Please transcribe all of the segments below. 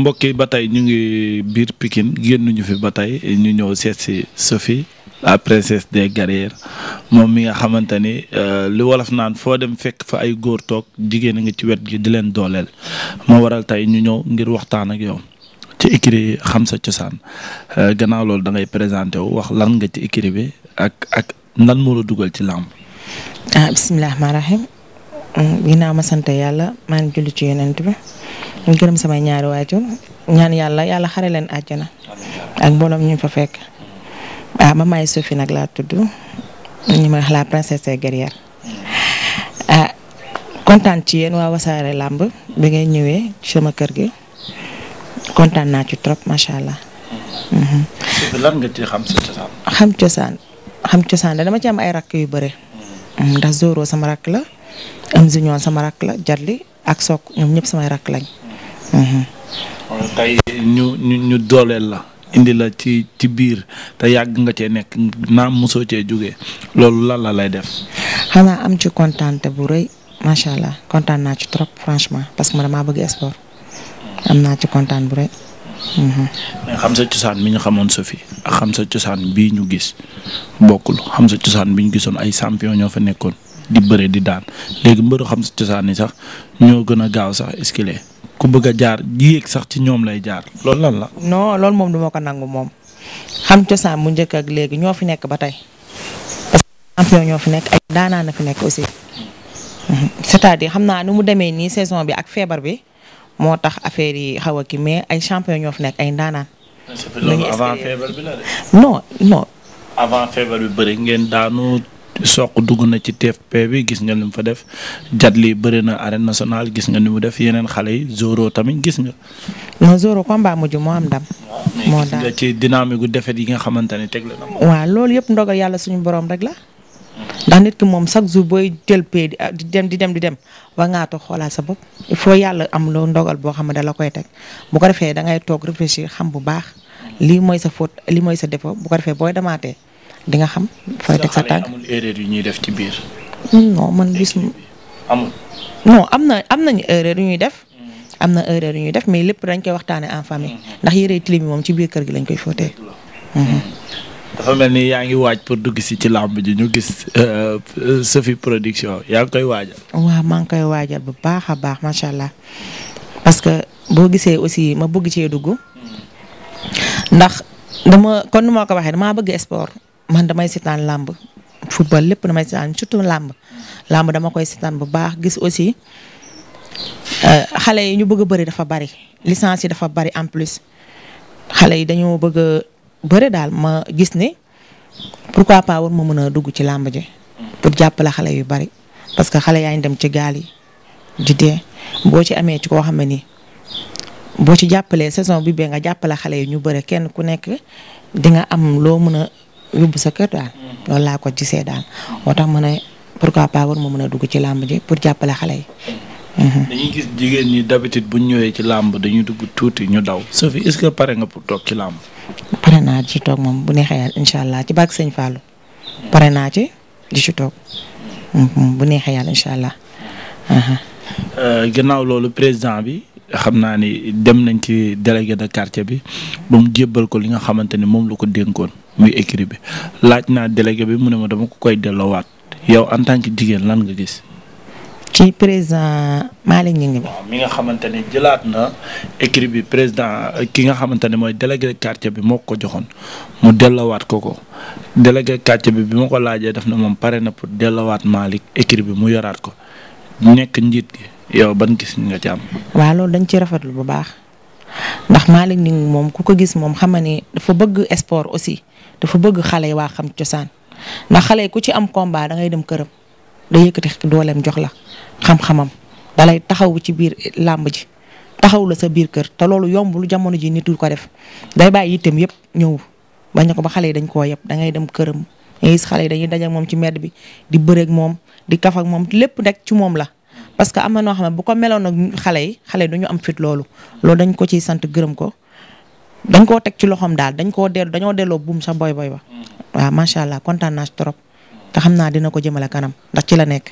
mbokk yi ba tey ñu ngi biir Pikine génnuñu fi ba tey ñu ñëw seet si Sophie la princesse des guerrières moom mi nga xamante ni euh, li wolof naan foo dem fekk fa ay góor toog jigéen a ngi ci wet gi di leen dooleel moo waral tey ñu ñëw ngir waxtaan ak yow ci écurie Xam Sa Cosaan euh, gannaaw loolu da ngay présenté wu wax lan nga ci écurie bi ak ak lan moo la dugal ci làmb. ah bisimilah rahmaani mm, maa ngi julli ci yonent bi ñu gërëm samay ñaari waajur ñaan yàlla yàlla xare leen na ak mbooloom ñu fa fekk ah ma may Sophie nag laa tudd ñu ma wax la princesse guerrière ah, kontaan ci yéen waa wasaare làmb bi ngay ñëwee ci sama kër gi kontaan naa ci trop macha allah. Mhm. xam cosaan. xam cosaan xam dama ci am ay rakk yu bëre. Mhm, ndax Zoro sama rakk la am Ziñoon sama rakk la jarli ak Sok ñoom ñëpp samay rakk lañ. tey ñu dooleel la indi la ci biir te yàgg nga cee nekk naam mosoo cee jógee loolu lan la lay def. xanaa am ci kontaante bu rëy macha allah kontaan naa ci trop franchement parce que bëgg sport am naa ci kontaan bu rëy. Mhm. mais xam sa cosaan bi ñu xamoon Sophie ak xam sa cosaan bii ñu gis bokkul xam sa cosaan bi ñu gisoon ay champion ñoo fa nekkoon di bëre di daan léegi mbëru xam sa cosaan yi sax ñoo gën a gaaw sax escalier. ku bëgg a jaar yéeg sax ci ñoom lay jaar lool lan la. non loolu moom duma ko nangu moom xam cosaan mu njëkk ak léegi ñoo fi nekk ba tey parce champion ñoo fi nekk ay daanaa na fi nekk aussi mhm. cest à xam naa nu mu demee nii saison bi ak feebar bi moo tax affaire yi xaw a kii mais ay champion ñoo fi nekk ay ndaanaan. avant feebar bi la ngeen daanu. soq dugg na ci TFP bi gis nga li fa def jat lii bëri na arène nationale gis nga ni mu def yeneen xale yi Zoro tamit gis nga. non Zoro combat mujj moo am ndam. moo daan nga ci dynamique defet yi nga xamante ne teg la. yëpp ndoga yàlla suñu borom rek la. ndax nit moom chaque jour booy jël pay ah, di dem di dem di dem war ngaa toog xoolaat sa bopp il faut yàlla am loo ndogal boo xam ne da koy teg bu ko defee da ngay toog réfléchir xam bu baax lii mooy sa foot li mooy sa défaut bu ko defee booy demaatee. di nga xam fooy teg sa tànk. amul yu ñuy def ci biir. Hmm, non man gis amul. am na am nañu erreur yu ñuy def. Hmm. am na erreur yu ñuy def mais lépp dañ koy waxtaanee en famille. Hmm, ndax yére tilim yi moom ci biir kër gi lañ koy fóotee. dafa mel ni yaa ngi waaj pour dugg si ci làmb ji ñu gis euh, euh, Sophie production yaa ngi koy waajal. waaw maa ngi koy waajal bu baax a baax macha allah parce que boo gisee aussi ma bugg cee dugg. ndax dama kon nu ma ko waxee damaa bëgg sport. man damay seetaan làmb football lépp damay seetaan surtout làmb làmb dama koy seetaan bu baax gis aussi euh, xale yi ñu bëgg a bëri dafa bari licence yi dafa bari en plus xale yi dañoo bëgg a bëri daal ma gis ni pourquoi pas war ma mën a dugg ci làmb ji. pour jàppale xale yu bari parce que xale yaa ngi dem ci gaal yi di dee boo ci amee ci koo xam ne nii boo ci jàppalee saison bi bee nga jàppale xale yi ñu bëri kenn ku nekk di am loo mën yóbbu sa kër daal. Mm-hmm. loolu laa ko gisee daal. moo tax ma ne pourquoi pas war ma mën a dugg ci làmb ji pour jàppale xale yi. Mm-hmm. Mm-hmm. dañuy gis jigéen ñi d'habitude bu ñu ñëwee ci làmb dañuy dugg tuuti ñu daw. so est-ce que pare nga pour toog ci làmb. pare naa ci toog moom bu neexee yàlla allah ci bàq sëñ Fallou. pare naa ci di ci toog. bu neexee yàlla incha allah. Euh, ginnaaw loolu président bi xam naa ni dem nañ ci délégué de quartier bi ba mu jébbal ko li nga xamante ni moom la ko dénkoon. muy écrit bi laaj na délégué bi mu ne ma dama ko koy delloowaat yow en tant que jigéen lan nga gis. ci président Malick Gningue bi. mi nga xamante ne jëlaat na écrit bi président euh, ki nga xamante ne mooy délégué quartier bi moo ko joxoon mu delloowaat ko ko délégué quartier bi bi ma ko laajee def na moom pare na pour delloowaat Malick écrit bi mu yoraat ko nekk njiit gi yow ban gis nga ci am. loolu dañ ci rafetlu bu baax. ndax Malick Gningue moom ku ko gis moom xam ne dafa bëgg sport aussi dafa bëgg xale yi waa xam cosaan ndax xale yi ku ci am combat da ngay dem këram da yëkkati dooleem jox la xam dalay taxawu ci biir làmb ji taxaw la sa biir kër te loolu yombul jamono ji nit ko def day bàyyi itam yëpp ñëw bañ ko ba xale yi dañ koo yëpp da ngay dem këram. nga gis xale yi dañuy daje moom ci medd bi di bëreeg moom di kaf ak moom lépp rek ci moom la parce que am na noo ne bu ko meloon ak xale yi xale yi am fit loolu loolu dañ ko ciy sant gërëm ko dañ koo teg ci loxoom daal dañ koo dellu dañoo delloo buum sa boy boy ba mm-hmm. waaw macha allah kontaan naa trop te xam naa dina ko jëmale kanam ndax ci la nekk.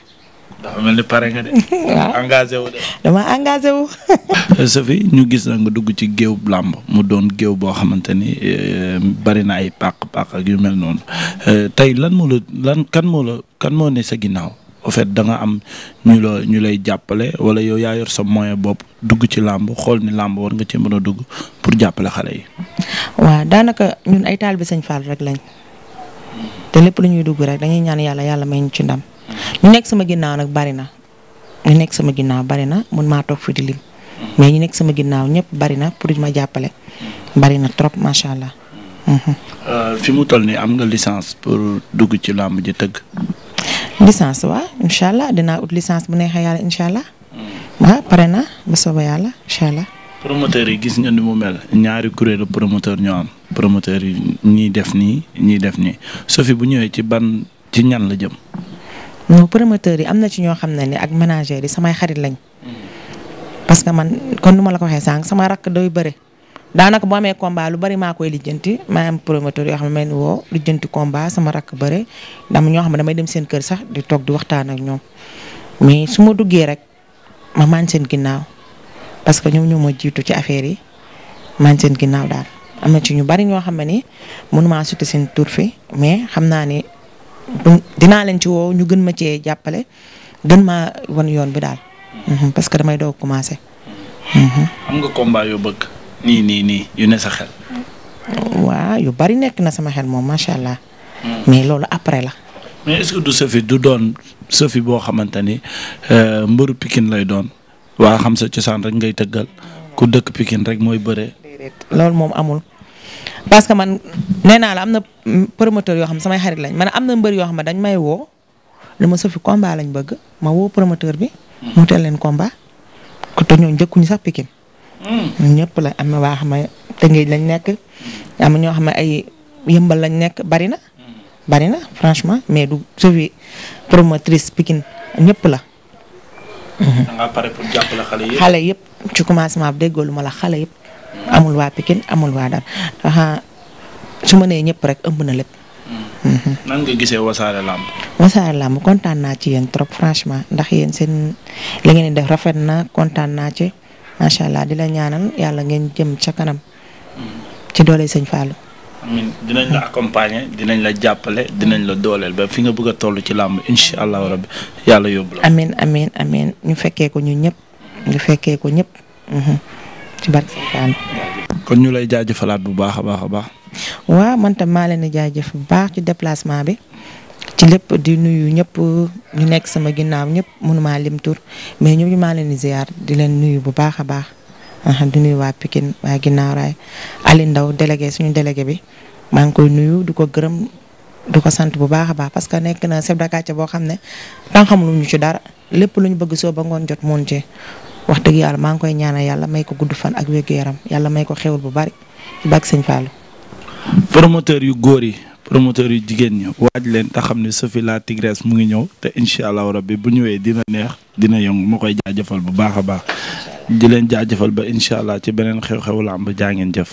dafa mel ni pare nga de. dama engagé wu. Euh, Sophie ñu gis na nga dugg ci géew làmb mu doon géew boo xamante ni euh, bari na ay pàq-pàq ak yu mel noonu euh, tey lan moo lan kan moo kan moo sa ginnaaw. au fait da am ñu ñu lay jàppale wala yow yaa yor sa moyen bopp dugg ci làmb xool ni làmb war nga ci mën a dugg pour jàppale xale yi. waaw daanaka ñun ay taal bi Sëñ Fall rek lañ te lépp lu ñuy dugg rek dañuy ñaan yàlla yàlla may ñu ci ndam ñu nekk sama ginnaaw nag bari na ñu nekk sama ginnaaw bari na mun maa toog fi di lim mais ñu nekk sama ginnaaw ñëpp bari na pour ma jàppale bari na trop macha allah. Mhm. Euh, fi mu toll ni am nga licence pour dugg ci làmb ji tëgg. licence waa incha allah dinaa ut licence bu neexee yàlla incha allah. Hmm. waaw pare na ba soobee yàlla incha allah. promoteurs yi gis nga ni mu mel ñaari kuréelu promoteur ñoo am promoteurs yi ñiy def nii ñiy def nii Sophie bu ñëwee ci ban ci ñan la jëm. non promoteurs yi am na ci ñoo xam ne ni ak managers yi samay xarit lañ. Hmm. parce que man kon nu ma la ko waxee sànq sama rakk doy bëre. daanaka boo amee combat lu bari maa koy lijjanti maa am promoteur yoo xam ne ma woo lijjanti combat sama rakk bëre dama ñoo xam ne damay dem seen kër sax di toog di waxtaan ak ñoom mais su ma duggee rek ma maan seen ginnaaw parce que ñoom ñoo ma jiitu ci affaire yi maan seen ginnaaw daal. am na ci ñu bari ñoo xam ne ni mënumaa suti seen tur fi mais xam naa ne dinaa leen ci woo ñu gën ma cee jàppale gën ma wan yoon bi daal. Mhm, parce que damay doog commencé. Mhm. am nii nii nii yu ne sa xel. waaw yu bari nekk na sama xel moom macha allah. Hmm. mais loolu après la. mais est du Sophie du doon Sophie boo xamante ni euh, mbëru Pikine lay doon waa xam sa cosaan rek ngay tëggal dëkk Pikine rek mooy bëree. loolu moom amul parce que man nee naa am na yoo xam samay xarit lañ man am na mbër yoo xam ne dañ may woo li ma Sophie combat lañ bëgg ma woo promoteur bi. mu teel leen combat. te ñoo njëkkuñu sax Pikine ñun ñëpp la am na waa xam ne lañ nekk am na ay yëmbal lañ nekk bari na. na franchement mais du suivi promotrice Pikine ñëpp la. da ngaa xale yëpp. ci commencement bi déggoo lu ma la xale yëpp. amul waa Pikine amul waa dara su ma nee ñëpp rek ëmb na lépp. Mm-hmm. nan nga gisee wasaare làmb. kontaan naa ci yéen trop franchement ndax yéen seen li ngeen di na kontaan naa ci. macha allah di la ñaanal yàlla ngeen jëm ca kanam. ci doole sëñ Fallou. dinañ la accompagner dinañ la jàppale dinañ la dooleel ba fi nga bëgg a toll ci làmb incha allahu rabbi yàlla yóbbu la. amiin amiin amiin ñu fekkee ko ñu ñëpp. ñu fekkee ko ñëpp. Mhm. ci barke kon ñu lay jaajëfalaat bu baax a baax a baax. waaw man maa leen di jaajëf bu baax ci déplacement bi. ci lépp di nuyu ñëpp ñu nekk sama ginnaaw ñëpp mënuma lim tur mais ñëpp ñu maa leen di di leen nuyu bu baax a baax di nuyu waa pikin waa ginnaaw raay Ali Ndaw délégué suñu délégué bi maa ngi koy nuyu di ko gërëm du ko sant bu baax a baax parce que nekk na chef de quartier boo xam ne tan xamul ñu ci dara lépp lu ñu bëgg soo ba ngoon jot moon ci wax dëgg yàlla maa ngi koy ñaan yàlla may ko gudd fan ak wér yaram yàlla may ko xewul bu bari bak sëñ Fallou promoteur yu góor yi promoteur yu jigéen ñi waaj leen te xam ne Sophie la Tigresse mu ngi ñëw te incha allah rabbi bu ñëwee dina neex dina yëngu ma koy jaajëfal bu baax a baax di leen jaajëfal ba incha allah ci beneen xew xew la làmb jaa ngeen jëf.